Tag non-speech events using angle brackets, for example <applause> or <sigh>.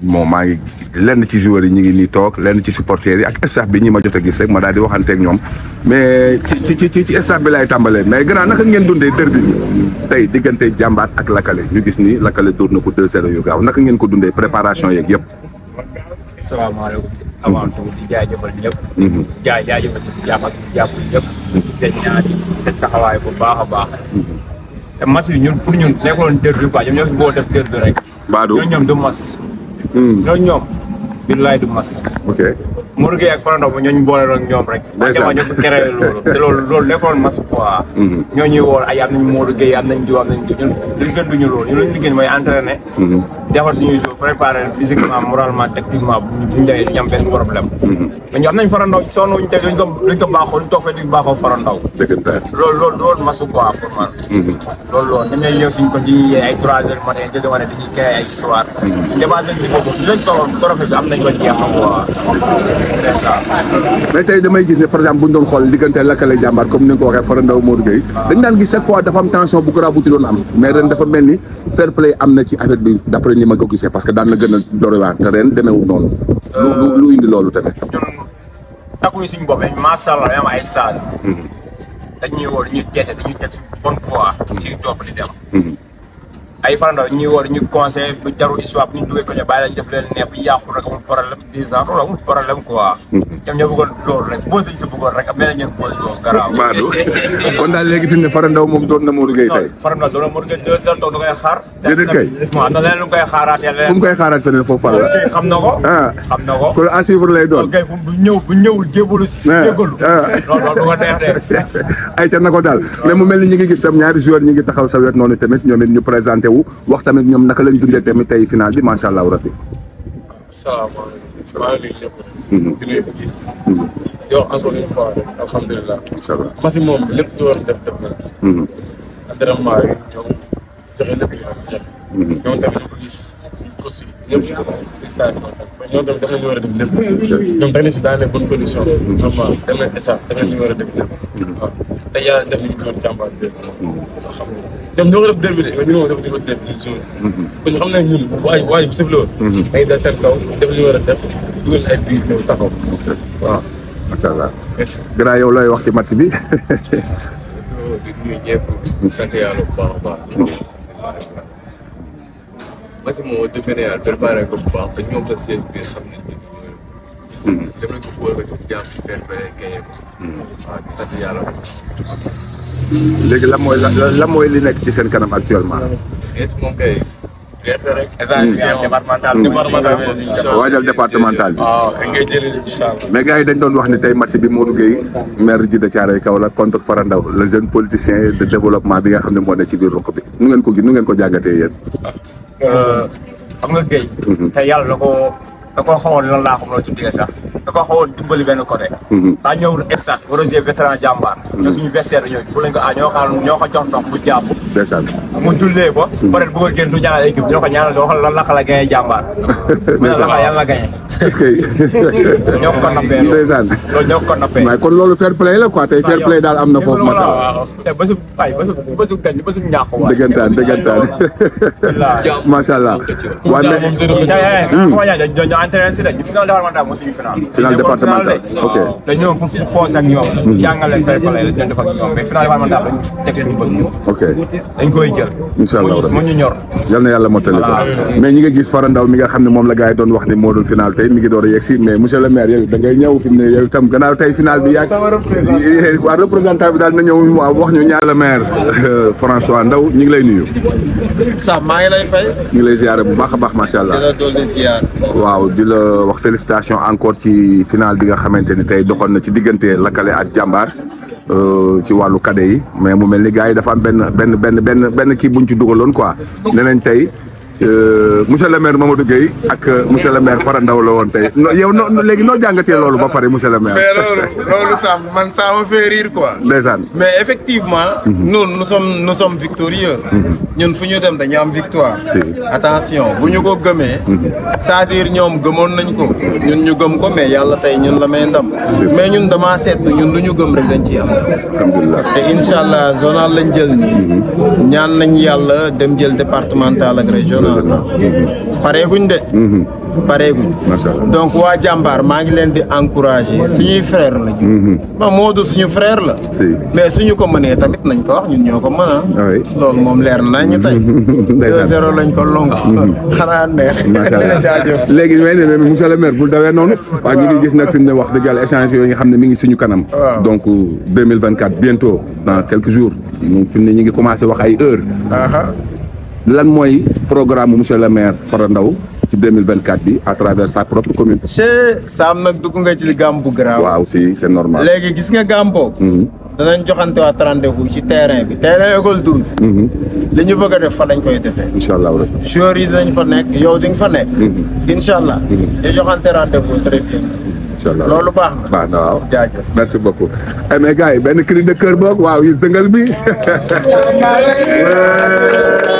bon maa ngi lenn ci joueurs yi ñu ngi nii toog lenn ci supporters yi ak staff bi ñi ma jot a gis rek ma daal di waxanteeg ñoom mais ci ci ci ci staff bi laay tàmbalee mais gannaaw naka ngeen dundee derby bi tey diggante jàmbaat ak lakkale ñu gis ni lakkale dóor na ko 2-0 yu gaaw naka ngeen ko dundee préparation yeeg yëpp. asalaamaaleykum. Mhm. avant tout di jaajëfal ñëpp. Mhm. jaay jaajëfal ci jàpp ak jàppul ñëpp. Mhm. seen ñaar seen taxawaay bu baax a baax. te match yi ñun pour ñun nekkoon derby quoi ñoom ñoo fi boo def derby rek. baadu ñoom ñoom du mas. Hmm. ñoom mas. ok. Modou Gueye ak Fara Ndao ba ñooñu boole ak ñoom rek. dèjà ma ñëpp créé loolu te loolu loolu nekkoon masu quoi. Mhm. ñooñuy woor ay am nañu Modou Gueye am nañu jiw am nañu jiw ñun liñ gën duñu loolu ñu luñ liggéey mooy entraîné. Mhm. defar suñuy jeu préparé physiquement moralement techniquement bu ñu demee duñu am benn problème. Mhm. mais ñu am nañu Fara Ndao sonn wuñu tey duñ ko duñ ko baaxoo duñ toog fee duñ baaxoo Fara Ndao. dëggantaay loolu loolu loolu masu quoi pour man. loolu loolu dañ lay ñëw suñ ko di ay trois heures matin deux heures matin dañuy créé ay histoire. dépassé ñu ko ñu leen solo trophée bi am nañ ko jeexam quoi mais tey damay gis ne par exemple bu ñu doon xool diggante lakkale jàmbaar comme ni nga ko waxee Fara Ndaw Modou Gueye dañ daan gis chaque fois dafa am tension bu garaaw bu ci doon am mais ren dafa mel ni fair play am na ci affaire bi d'après ni ma ko gisee parce que daan na gën a dorewaat te ren demeewul noonu lu lu indi loolu tamit takkuñu ay farandoo ñuy woo ñu conseil bu jarul histoire bu ñu duggee ko ñu bàyyi la ñu def leen ne bu yàqul rek amul problème dix ans loolu amul problème quoi. Mhm. ñoom ñoo bëggoon loolu rek pause dañu sa bëggoon rek am na ñeen pause boobu garaaw. Maadou kon daal léegi fi mu ne farandaw moom doon na Modou Gueye tey. farandaw doon na Modou Gueye deux heures toog da koy xaar. déedéet kay waaw te leneen lu mu koy xaaraat yàlla. fu mu koy xaaraat feneen foofu fan la. xam na ko. Ah. xam na ko kon à suivre lay doon. kay bu ñëw bu ñëwul jébalu si. Ah. jébalu ah. loolu loolu du ko neex de. <laughs> ay ca na ko daal mais mu mel ni ñu ngi gis sam ñaari joueurs ñi ngi taxaw sa wet noonu tamit ñoom it ñu présenté wu wax tamit ñoom naka lañ dundee tamit tey final bi macha allah rabi. salaamaaleykum maa mm-hmm. mm-hmm. moom lépp war def def na la. Mm-hmm. entraînement yi ñoom joxe lépp li am ñoom tamit ñu ko gis suñu coach yi ñëpp ñu gis station bi ñoom tamit def nañu war a def lépp. ñoom tamit si daa dem nañ ISRA a def lépp waaw. te yàlla def ñu doon jàmbaar dégg nga xam nga ñoom ñoo ko def derbi de ñu ne ma def ñu ko derbi ñun suñu. kon ñu xam ne ñun waay waay bu sëfloo. day mhm. dal seen kaw def li war a def dugal ay biir ñëw taxaw. waaw macha allah. merci grand yow looy wax ci match bi. di nuyu ñëpp. sant yàlla bu baax a baax. match bi moom wax dëgg yàlla préparé ko bu baax te ñoom sax seen biir xam nañ dem nañ ko fóor rek suñu yàlla. léegi lan mooy la mooy li nekk ci seen kanam actuellement. gerte moom kay. gerte rek. échange waajal départemental bi. waaw ah, ngay jëlee mais gars yi dañ doon wax ne tey match bi Modou Gueye maire ji de Thiaroye Kaw la contre Fara Ndao le jeune politicien de développement bi nga xam ne moo ne ci biir ruq bi nu ko gi nu euh, xam nga Gueye. Mhm. tey yàlla na ko. da koo xawoon lan laa xam loo ci digg sax da koo xawoon dimbali benn côté mhm. daa ñëw stade Rosier vétéran jàmbaar mhm. ñoo suñu vestiaire ñoo fu lañ ah, ñoo ko jox ndox bu jàpp ndeysaan mu jullee ko hmm. peut être bu ko génn du ñaanal équipe dina ko a doo xool lan la xala gañee jàmbaar la yàlla gañee <laughs> est-ce que <laughs> ñoo ko nappee ko nappee waaye kon loolu la quoi tey fair ah, play daal am na foofu masha Allah te bésu fay bésu bésu gañ bésu ñàkk waay dëggantaan dëggantaan <laughs> masha Allah waaye mais hmm. eh, eh, ñoo entraîné si rek ah, hmm. la dafa ñoom ok dañ koy jël incha allah mu ñu ñor yal na yàlla motali ko mais ñi nga gis Fara Ndao mi nga xam ne moom la gars yi doon wax ne moo dul final tey mi ngi door a si mais monsieur le maire yow da ngay ñëw fi ne yow itam gannaaw tey final bi yàgg daal na ñëw mu wax ñaar le maire euh, Ndao ñu ngi lay nuyu sa maa ngi lay fay ñu lay ziare bu baax a baax macha allah waaw di la wax félicitation encore ci final bi nga xamante ni tey doxoon na ci diggante Lakale ak Jàmbaar Euh, ci wàllu cadet yi mais mu mel ni gars yi dafa am benn benn benn benn benn kii buñ ci dugaloon quoi ne tey Euh, monsieur le maire Mamadou Gueye ak euh, monsieur le maire Fara Ndaw la woon tey yow noo léegi noo jàngatee loolu ba pare monsieur le maire. mais loolu loolu man ça me fait rire quoi. mais effectivement. Mhm. nous nous sommes nous sommes victorieux. Mhm. ñun fu ñu dem dañu am victoire. attention bu ñu ko gëmee. Mhm. c'est-à-dire ñoom gëmoon nañ ko ñun ñu gëm ko mais yàlla tey ñun la may ndam. mais ñun damaa seetlu ñun lu ñu gëm rek dañ ciy am. alhamdulilah te incha allah zonal lañ jël nii. ñaan nañ yàlla dem jël départemental ak exactement mhm. pareeguñ de mhm. pareeguñ donc waa jàmbaar maa ngi leen di encouragé suñuy frère la mhm. ma Modou suñu frère la mais suñu ko mënee tamit nañ ko wax ñun ñoo ko mën a loolu moom leer nañ ñu tey <laughs> deux zéro lañ ko lonk xanaa neex <laughs> jaajëf léegi may le maire bul dawee noonu <laughs> waaw ñu ngi gis nag fi mu ne wax dëgg yàlla échange yooyu nga xam ne mi ngi suñu kanam donc 2024 bientôt dans quelques jours moom fi mu ne ñu ngi commencé wax ay heure lan mooy programme monsieur le maire Fara Ndao ci 2024 bi à travers sa propre commune. che Saam nag dugg nga ci gàmm bu grave. waaw si c'est normal. léegi gis nga gàmm boobu. Mhm. joxante waa rendez-vous ci terrain bi. terrain école 12. Mhm. li ñu bëgg a def fa lañ koy defee. incha yi dinañ fa nekk yow fa mhm. incha allah. ñu joxante rendez-vous très loolu baax baax na waaw merci beaucoup. Eh, mais gars yi benn cri de cœur boog waaw yéen zëngal bi. <laughs>